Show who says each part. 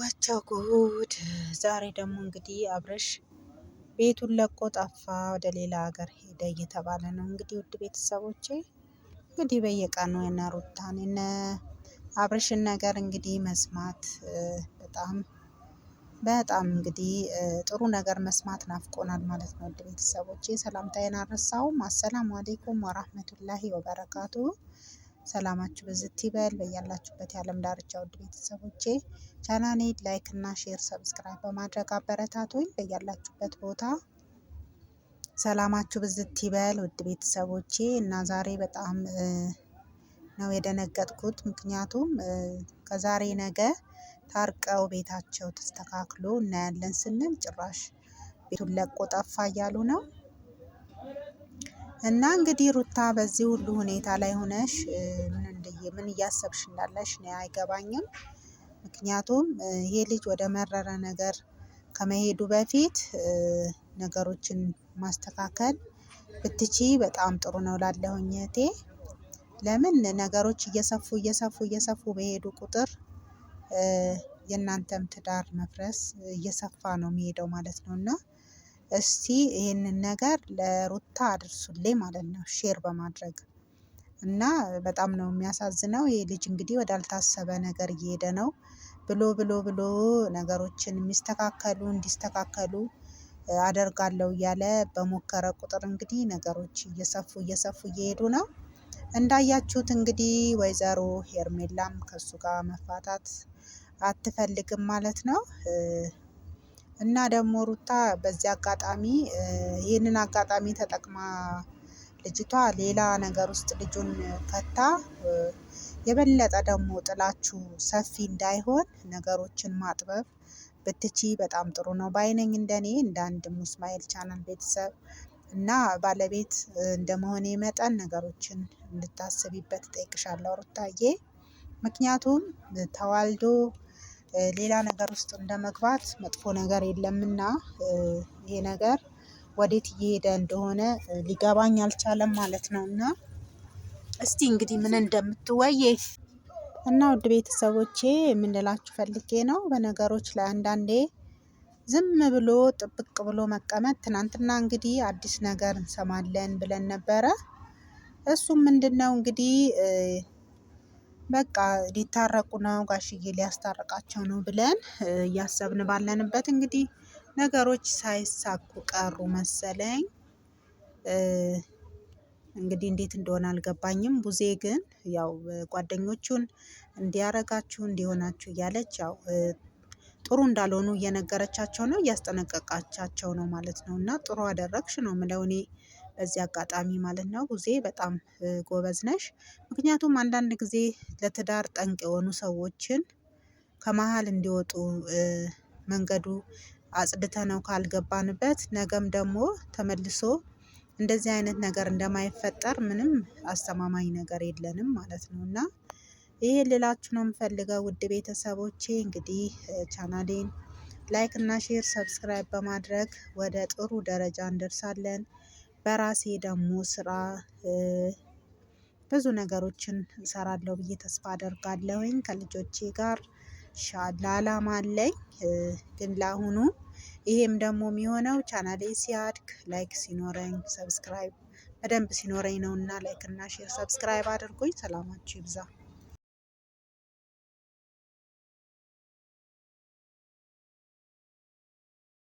Speaker 1: ወቸው ጉድ! ዛሬ ደግሞ እንግዲህ አብርሽ ቤቱን ለቆ ጠፋ፣ ወደ ሌላ ሀገር ሄደ እየተባለ ነው። እንግዲህ ውድ ቤተሰቦቼ እንግዲህ በየቀኑ የነ ሩታን የነ አብርሽን ነገር እንግዲህ መስማት በጣም በጣም እንግዲህ ጥሩ ነገር መስማት ናፍቆናል ማለት ነው። ውድ ቤተሰቦቼ ሰላምታዬን አልረሳውም። አሰላሙ አሌይኩም ወራህመቱላሂ ወበረካቱ ሰላማችሁ በዝት ይበል በያላችሁበት የዓለም ዳርቻ ውድ ቤተሰቦቼ። ቻናኔ ላይክ እና ሼር ሰብስክራይብ በማድረግ አበረታቱኝ። በያላችሁበት ቦታ ሰላማችሁ ብዝት ይበል ውድ ቤተሰቦቼ። እና ዛሬ በጣም ነው የደነገጥኩት። ምክንያቱም ከዛሬ ነገ ታርቀው ቤታቸው ተስተካክሎ እናያለን ስንል ጭራሽ ቤቱን ለቆ ጠፋ እያሉ ነው። እና እንግዲህ ሩታ በዚህ ሁሉ ሁኔታ ላይ ሆነሽ ምን እንደየ ምን እያሰብሽ እንዳለሽ ነው አይገባኝም። ምክንያቱም ይሄ ልጅ ወደ መረረ ነገር ከመሄዱ በፊት ነገሮችን ማስተካከል ብትቺ በጣም ጥሩ ነው ላለሁኝ እህቴ። ለምን ነገሮች እየሰፉ እየሰፉ እየሰፉ በሄዱ ቁጥር የእናንተም ትዳር መፍረስ እየሰፋ ነው የሚሄደው ማለት ነው እና እስቲ ይህንን ነገር ለሩታ አድርሱልኝ ማለት ነው ሼር በማድረግ እና በጣም ነው የሚያሳዝነው። ይህ ልጅ እንግዲህ ወዳልታሰበ ነገር እየሄደ ነው። ብሎ ብሎ ብሎ ነገሮችን የሚስተካከሉ እንዲስተካከሉ አደርጋለሁ እያለ በሞከረ ቁጥር እንግዲህ ነገሮች እየሰፉ እየሰፉ እየሄዱ ነው። እንዳያችሁት እንግዲህ ወይዘሮ ሄርሜላም ከሱ ጋር መፋታት አትፈልግም ማለት ነው። እና ደግሞ ሩታ በዚህ አጋጣሚ ይህንን አጋጣሚ ተጠቅማ ልጅቷ ሌላ ነገር ውስጥ ልጁን ከታ የበለጠ ደግሞ ጥላችሁ ሰፊ እንዳይሆን ነገሮችን ማጥበብ ብትቺ በጣም ጥሩ ነው ባይነኝ እንደኔ እንደ አንድ ሙስማኤል ቻናል ቤተሰብ እና ባለቤት እንደመሆኔ መጠን ነገሮችን እንድታስቢበት ጠይቅሻለሁ ሩታዬ። ምክንያቱም ተዋልዶ ሌላ ነገር ውስጥ እንደመግባት መጥፎ ነገር የለምና ይሄ ነገር ወዴት እየሄደ እንደሆነ ሊገባኝ አልቻለም ማለት ነው። እና እስቲ እንግዲህ ምን እንደምትወይ እና ውድ ቤተሰቦቼ የምንላችሁ ፈልጌ ነው። በነገሮች ላይ አንዳንዴ ዝም ብሎ ጥብቅ ብሎ መቀመጥ። ትናንትና እንግዲህ አዲስ ነገር እንሰማለን ብለን ነበረ። እሱም ምንድን ነው እንግዲህ በቃ ሊታረቁ ነው ጋሽዬ ሊያስታርቃቸው ነው ብለን እያሰብን ባለንበት እንግዲህ ነገሮች ሳይሳኩ ቀሩ መሰለኝ። እንግዲህ እንዴት እንደሆነ አልገባኝም። ቡዜ ግን ያው ጓደኞቹን እንዲያረጋችሁ እንዲሆናችሁ እያለች ያው ጥሩ እንዳልሆኑ እየነገረቻቸው ነው እያስጠነቀቃቻቸው ነው ማለት ነው። እና ጥሩ አደረግሽ ነው የምለው እኔ በዚህ አጋጣሚ ማለት ነው ጉዜ በጣም ጎበዝ ነሽ። ምክንያቱም አንዳንድ ጊዜ ለትዳር ጠንቅ የሆኑ ሰዎችን ከመሀል እንዲወጡ መንገዱ አጽድተ ነው ካልገባንበት ነገም ደግሞ ተመልሶ እንደዚህ አይነት ነገር እንደማይፈጠር ምንም አስተማማኝ ነገር የለንም ማለት ነው። እና ይህ ልላችሁ ነው የምፈልገው ውድ ቤተሰቦቼ እንግዲህ ቻናሌን ላይክ እና ሼር ሰብስክራይብ በማድረግ ወደ ጥሩ ደረጃ እንደርሳለን በራሴ ደግሞ ስራ ብዙ ነገሮችን እሰራለሁ ብዬ ተስፋ አደርጋለሁኝ ከልጆቼ ጋር ሻላ አላማ አለኝ። ግን ለአሁኑ ይሄም ደግሞ የሚሆነው ቻናሌ ሲያድግ ላይክ ሲኖረኝ ሰብስክራይብ በደንብ ሲኖረኝ እና ላይክ እና ሼር ሰብስክራይብ አድርጉኝ ሰላማችሁ ይብዛ